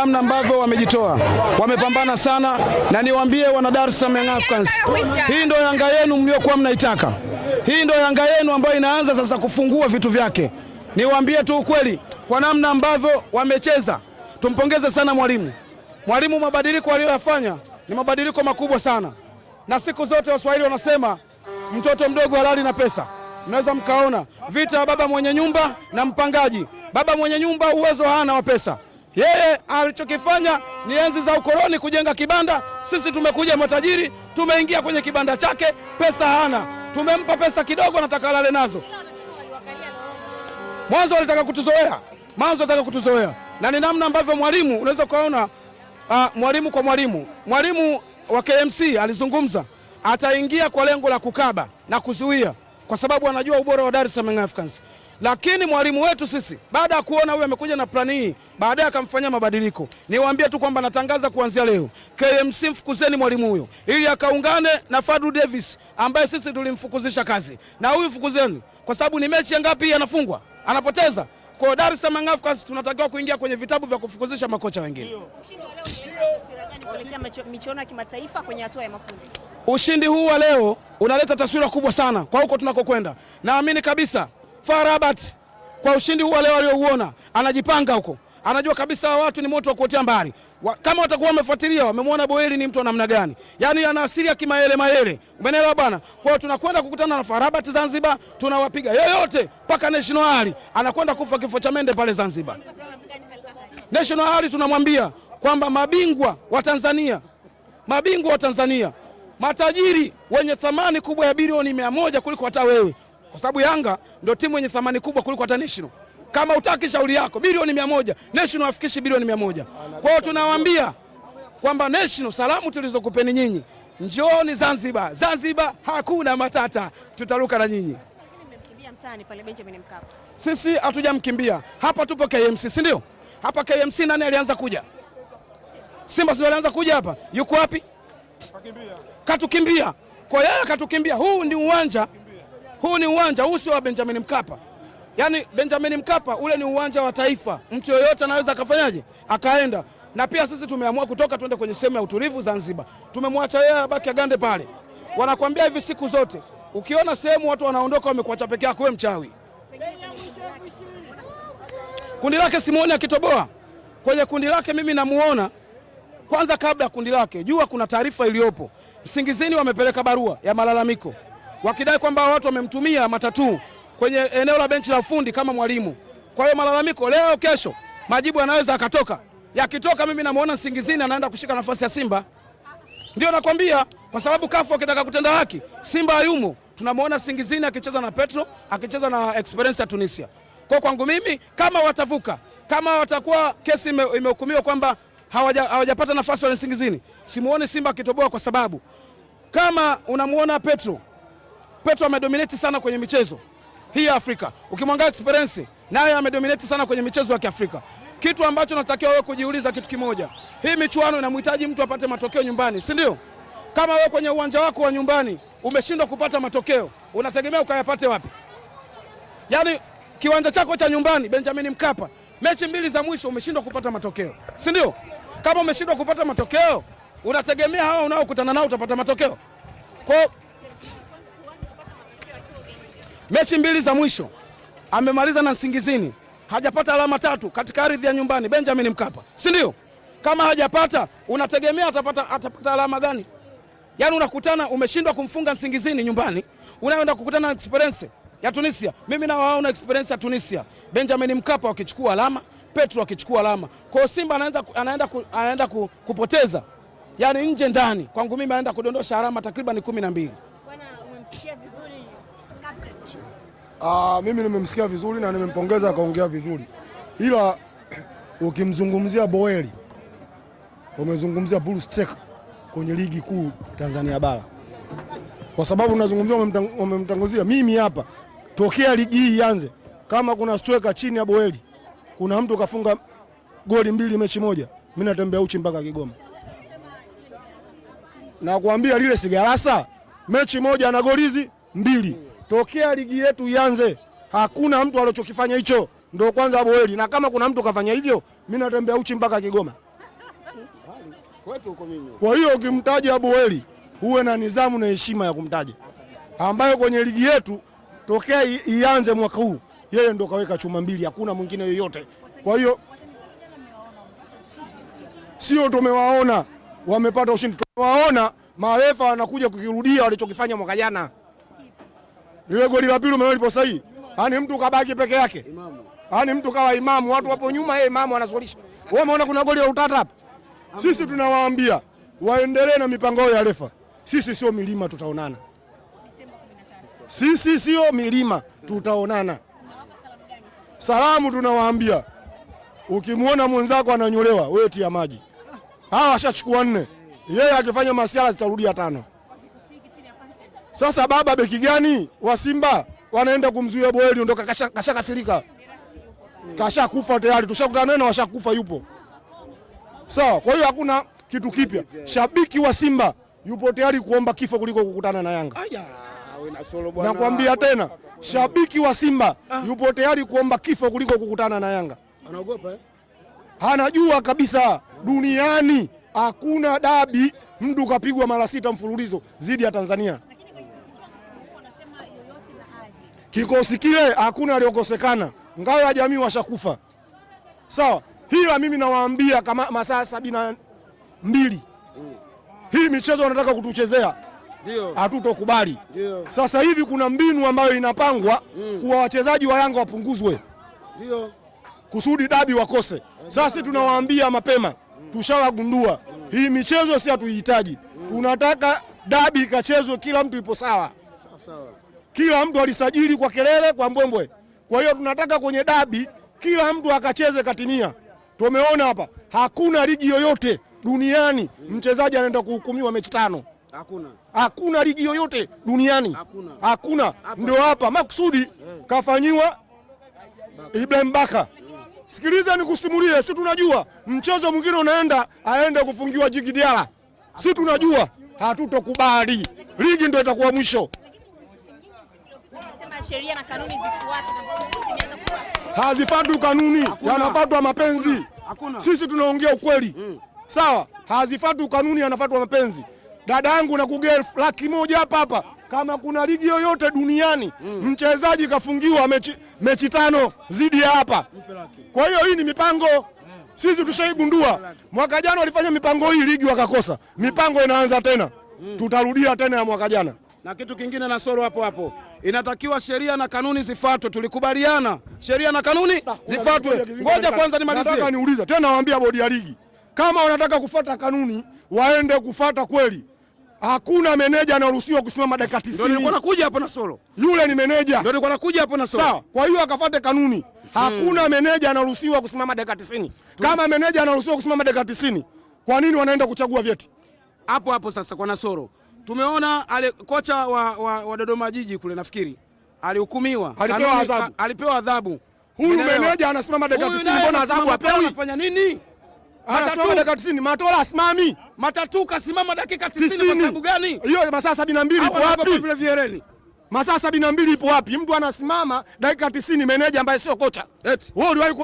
namna ambavyo wamejitoa, wamepambana sana, na niwaambie wana Dar es Salaam Africans, hii ndio Yanga yenu mliokuwa mnaitaka. Hii ndio Yanga yenu ambayo inaanza sasa kufungua vitu vyake. Niwaambie tu ukweli kwa namna ambavyo wamecheza, tumpongeze sana mwalimu. Mwalimu, mabadiliko aliyoyafanya ni mabadiliko makubwa sana, na siku zote Waswahili wanasema mtoto mdogo halali na pesa. Mnaweza mkaona vita ya baba mwenye nyumba na mpangaji. Baba mwenye nyumba uwezo hana wa pesa yeye alichokifanya ni enzi za ukoloni kujenga kibanda. Sisi tumekuja matajiri, tumeingia kwenye kibanda chake, pesa hana, tumempa pesa kidogo, nataka alale nazo. Mwanzo alitaka kutuzoea, mwanzo alitaka kutuzoea, na ni namna ambavyo mwalimu unaweza ukaona ah, mwalimu kwa mwalimu. Mwalimu wa KMC alizungumza, ataingia kwa lengo la kukaba na kuzuia, kwa sababu anajua ubora wa Dar es Salaam Africans. Lakini mwalimu wetu sisi baada ya kuona huyu amekuja na plani hii, baadaye akamfanyia mabadiliko. Niwaambie tu kwamba natangaza kuanzia leo, KMC mfukuzeni mwalimu huyo ili akaungane na Fadlu Davis ambaye sisi tulimfukuzisha kazi, na huyu fukuzeni kwa sababu ni mechi ngapi anafungwa anapoteza kwa Dar es Salaam Africans tunatakiwa kuingia kwenye vitabu vya kufukuzisha makocha wengine. Ushindi huu wa leo unaleta taswira kubwa sana kwa huko tunakokwenda, naamini kabisa FAR Rabat kwa ushindi huu leo aliouona, anajipanga huko, anajua kabisa watu ni moto wa kuotea mbali. Kama watakuwa wamefuatilia wamemwona Boeli ni mtu wa namna gani, yani ana asili ya kimayele mayele, umeelewa bwana. Kwa hiyo tunakwenda kukutana na FAR Rabat Zanzibar, tunawapiga yoyote mpaka National Ali anakwenda kufa kifo cha mende pale Zanzibar. National Ali tunamwambia kwamba mabingwa wa Tanzania, mabingwa wa Tanzania, matajiri wenye thamani kubwa ya bilioni mia moja kuliko hata wewe kwa sababu Yanga ndio timu yenye thamani kubwa kuliko hata National. Kama utaki shauri yako, bilioni mia moja National hafikishi bilioni mia moja Kwa hiyo tunawaambia kwamba National, salamu tulizokupeni nyinyi, njooni Zanzibar. Zanzibar hakuna matata, tutaruka na nyinyi. Sisi hatujamkimbia hapa, tupo KMC, si ndio? Hapa KMC nani alianza kuja? Simba sio alianza kuja hapa. Yuko wapi? Katukimbia, katukimbia kwa yeye, katukimbia. Huu ndi uwanja huu ni uwanja, huu sio wa Benjamin Mkapa. Yaani Benjamin Mkapa ule ni uwanja wa taifa, mtu yoyote anaweza akafanyaje akaenda. Na pia sisi tumeamua kutoka twende kwenye sehemu ya utulivu Zanzibar, tumemwacha yeye abaki agande pale. Wanakwambia hivi siku zote, ukiona sehemu watu wanaondoka wamekuacha peke yako, wewe mchawi. Kundi lake simuoni akitoboa kwenye kundi lake, mimi namuona kwanza kabla ya kundi lake. Jua kuna taarifa iliyopo Msingizini, wamepeleka barua ya malalamiko wakidai kwamba watu wamemtumia matatu kwenye eneo la benchi la ufundi kama mwalimu. Kwa hiyo malalamiko leo, kesho majibu yanaweza akatoka. Yakitoka mimi namuona Singizini anaenda kushika nafasi ya Simba. Ndio nakwambia, kwa sababu kafu akitaka kutenda haki Simba hayumo. Tunamuona Singizini akicheza na Petro, akicheza na Experience ya Tunisia. Kwa kwangu mimi, kama watavuka, kama watakuwa kesi imehukumiwa kwamba hawajapata hawaja nafasi wale Singizini, simuone Simba akitoboa, kwa sababu kama unamuona Petro Petro amedominate sana kwenye michezo hii ya Afrika. Ukimwangalia experience naye amedominate sana kwenye michezo ya Kiafrika. Kitu ambacho natakiwa wewe kujiuliza kitu kimoja, hii michuano inamhitaji mtu apate matokeo nyumbani, si ndio? Kama wewe kwenye uwanja wako wa nyumbani umeshindwa kupata matokeo, unategemea ukayapate wapi? Yaani kiwanja chako cha nyumbani Benjamin Mkapa, mechi mbili za mwisho umeshindwa kupata matokeo, si ndio? Kama umeshindwa kupata matokeo, unategemea hawa unaokutana nao utapata matokeo kwao mechi mbili za mwisho amemaliza na Nsingizini, hajapata alama tatu katika ardhi ya nyumbani Benjamin Mkapa, si ndio? Kama hajapata unategemea atapata, atapata alama gani? Yaani unakutana umeshindwa kumfunga Nsingizini nyumbani, unaenda kukutana na experience ya Tunisia. Mimi nawaona experience ya Tunisia, Benjamin Mkapa wakichukua alama, Petro akichukua alama, kwa hiyo Simba anaenda, anaenda, ku, anaenda kupoteza yaani nje ndani. Kwangu mimi anaenda kudondosha alama takriban kumi na mbili. Ah, mimi nimemsikia vizuri na nimempongeza akaongea vizuri, ila ukimzungumzia Boeli umezungumzia Blue stake kwenye ligi kuu Tanzania bara, kwa sababu unazungumzia umemtanguzia. Mimi hapa tokea ligi hii ianze, kama kuna striker chini ya Boeli, kuna mtu kafunga goli mbili mechi moja, mimi natembea uchi mpaka Kigoma Nakwambia lile sigarasa mechi moja na goli hizi mbili tokea ligi yetu ianze hakuna mtu alichokifanya hicho, ndo kwanza Boeli, na kama kuna mtu kafanya hivyo, mi natembea uchi mpaka Kigoma. Kwa hiyo ukimtaja Boeli uwe na nidhamu na heshima ya kumtaja, ambayo kwenye ligi yetu tokea ianze mwaka huu yeye ndo kaweka chuma mbili, hakuna mwingine yoyote. Kwa hiyo sio tumewaona wamepata ushindi, tumewaona marefa wanakuja kukirudia walichokifanya mwaka jana lile goli la pili umeona lipo sahihi, yaani mtu kabaki peke yake, Imamu. yaani mtu kawa imamu, watu wapo nyuma, yeye imamu anasulisha. Wewe umeona kuna goli la utata hapa. Sisi tunawaambia waendelee na mipango yao ya refa. Sisi sio milima, tutaonana. Sisi sio milima, tutaonana. Salamu tunawaambia, ukimwona mwenzako ananyolewa, wewe tia maji. Hawa washachukua nne, yeye akifanya masiala zitarudia tano. Sasa baba beki gani wa Simba wanaenda kumzuia Boeli ndo kasha kashakasirika, kasha kufa tayari, tushakutana neno washakufa yupo. Sawa, so, kwa hiyo hakuna kitu kipya. Shabiki wa Simba yupo tayari kuomba kifo kuliko kukutana na Yanga. Nakwambia tena, shabiki wa Simba ah. yupo tayari kuomba kifo kuliko kukutana na Yanga. Anaogopa eh? Anajua kabisa duniani hakuna dabi mdu kapigwa mara sita mfululizo zidi ya Tanzania. Kikosi kile hakuna aliokosekana, ngao ya jamii washakufa. Sawa, hila mimi nawaambia kama masaa sabini na mbili hii michezo wanataka kutuchezea hatutokubali. Sasa hivi kuna mbinu ambayo inapangwa mm. kuwa wachezaji wa Yanga wapunguzwe kusudi dabi wakose. Sasa tunawaambia mapema mm. tushawagundua mm. hii michezo si hatuihitaji mm. tunataka dabi ikachezwe, kila mtu ipo sawa sawa kila mtu alisajili kwa kelele, kwa mbwembwe. Kwa hiyo tunataka kwenye dabi kila mtu akacheze katimia. Tumeona hapa hakuna ligi yoyote duniani mchezaji anaenda kuhukumiwa mechi tano. Hakuna, hakuna ligi yoyote duniani hakuna, hakuna. Ndio hapa makusudi eh. kafanyiwa Ibrahim Baka. Sikiliza nikusimulie, si tunajua mchezo mwingine unaenda aende kufungiwa jigidiala, si tunajua. Hatutokubali, ligi ndio itakuwa mwisho sheria na kanuni zifuatwe. Hazifuatwi kanuni, yanafuatwa mapenzi. Hakuna. Sisi tunaongea ukweli mm. Sawa, hazifuatwi kanuni, yanafuatwa mapenzi. Dada yangu na kugelf laki moja hapa hapa. Kama kuna ligi yoyote duniani mm. mchezaji kafungiwa mechi, mechi tano zidi ya hapa. Kwa hiyo hii ni mipango mm. sisi tushaigundua mwaka jana walifanya mipango hii, ligi wakakosa mipango, inaanza tena, mm. tutarudia tena ya mwaka jana. Na kitu kingine na soro hapo hapo, inatakiwa sheria na kanuni zifuatwe. Tulikubaliana sheria na kanuni zifuatwe. Ngoja kwanza nimalizie, nataka niulize tena, waambia bodi ya ligi kama wanataka kufuata kanuni waende kufuata kweli. Hakuna meneja anaruhusiwa kusimama dakika 90. Ndio nilikuwa nakuja hapo na solo. Yule ni meneja. Ndio nilikuwa nakuja hapo na solo. Sawa, kwa hiyo akafuate kanuni. Hmm. Hakuna hmm, meneja anaruhusiwa kusimama dakika 90. Kama meneja anaruhusiwa kusimama dakika 90, kwa nini wanaenda kuchagua vyeti? Hapo hapo sasa kwa Nasoro. Tumeona ale, kocha wa, wa, wa Dodoma Jiji kule nafikiri alihukumiwa, alipewa adhabu. Huyu meneja anasimama dakika 90, mbona adhabu apewi? Anafanya nini? Anasimama dakika 90, Matola asimami. Matatu kasimama dakika 90 kwa sababu gani? Hiyo masaa 72 ipo wapi? Vile Masaa 72 ipo wapi? Mtu anasimama dakika 90, meneja ambaye sio kocha. Eti. Wewe uliwahi